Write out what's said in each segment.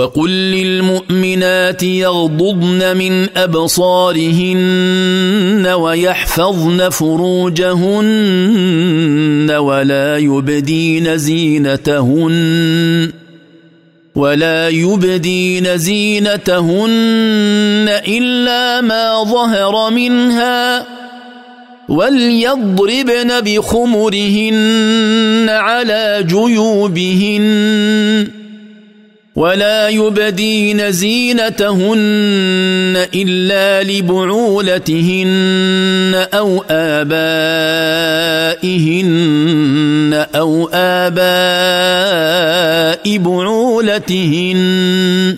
وقل للمؤمنات يغضضن من ابصارهن ويحفظن فروجهن ولا يبدين زينتهن ولا يبدين زينتهن الا ما ظهر منها وليضربن بخمرهن على جيوبهن ولا يبدين زينتهن الا لبعولتهن او ابائهن او اباء بعولتهن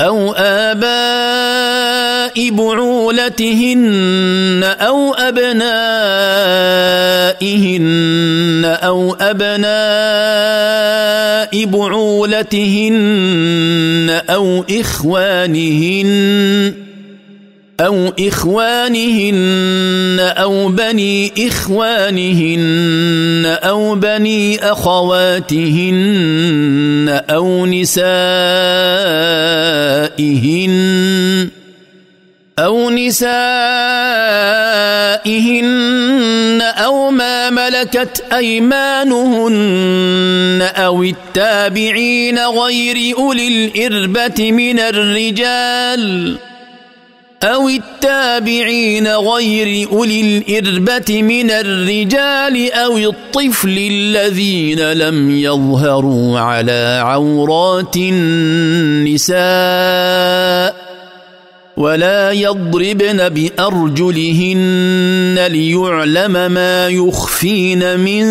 او اباء بعولتهن او ابنائهن او ابنائهن بعولتهن أو إخوانهن أو إخوانهن أو بني إخوانهن أو بني أخواتهن أو نسائهن أو نسائهن أو ما ملكت أيمانهن أو التابعين غير أولي الإربة من الرجال أو التابعين غير أولي الإربة من الرجال أو الطفل الذين لم يظهروا على عورات النساء ولا يضربن بارجلهن ليعلم ما يخفين من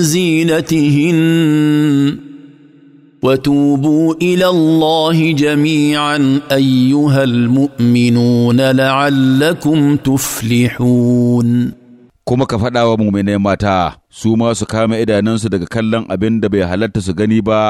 زينتهن وتوبوا الى الله جميعا ايها المؤمنون لعلكم تفلحون kuma ka faɗa wa muminai mata su ma su kame idanunsu daga kallon abin da bai halatta su gani ba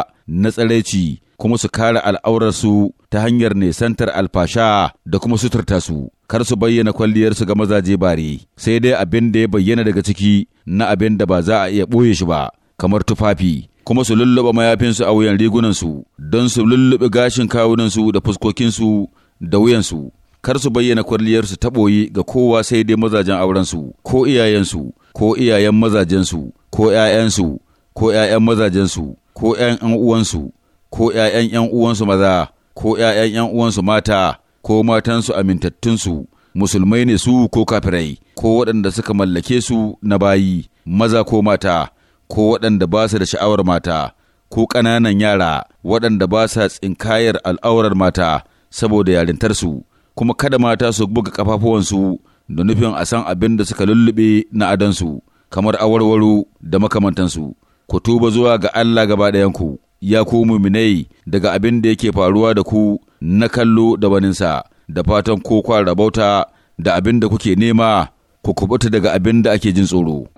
na tsaraici kuma su kare al'aurarsu ta hanyar nesantar alfasha da kuma suturta su, kar su bayyana kwalliyarsu ga mazaje bare, sai dai abin da ya bayyana daga ciki na abin da ba za a iya ɓoye shi ba, kamar tufafi, kuma su lulluɓe mayafinsu a wuyan rigunansu don su lulluɓe gashin kawunansu da fuskokinsu da wuyansu. Kar su bayyana kwalliyarsu ta ɓoye ga kowa sai dai mazajen aurensu, ko iyayensu, ko iyayen mazajensu, ko ‘ya'yansu, ko ‘ya'yan mazajensu, ko ‘yan uwansu. ko ’ya'yan ’yan uwansu maza, ko ’ya'yan ’yan uwansu mata, ko matansu amintattunsu, musulmai ne su ko kafirai, ko waɗanda suka mallake su na bayi, maza ko mata, ko waɗanda ba su da sha'awar mata, ko ƙananan yara waɗanda ba sa tsinkayar al'aurar mata saboda yarintarsu, kuma kada mata su buga ƙafafuwansu da nufin a san abin da suka lullube na adansu, kamar awarwaro da makamantansu, ku tuba zuwa ga Allah gaba ɗayanku. ya ku muminai daga abin da yake faruwa da ku na kallo da waninsa da fatan ko kwa rabauta da abin da kuke nema ku kubuta daga abin da ake jin tsoro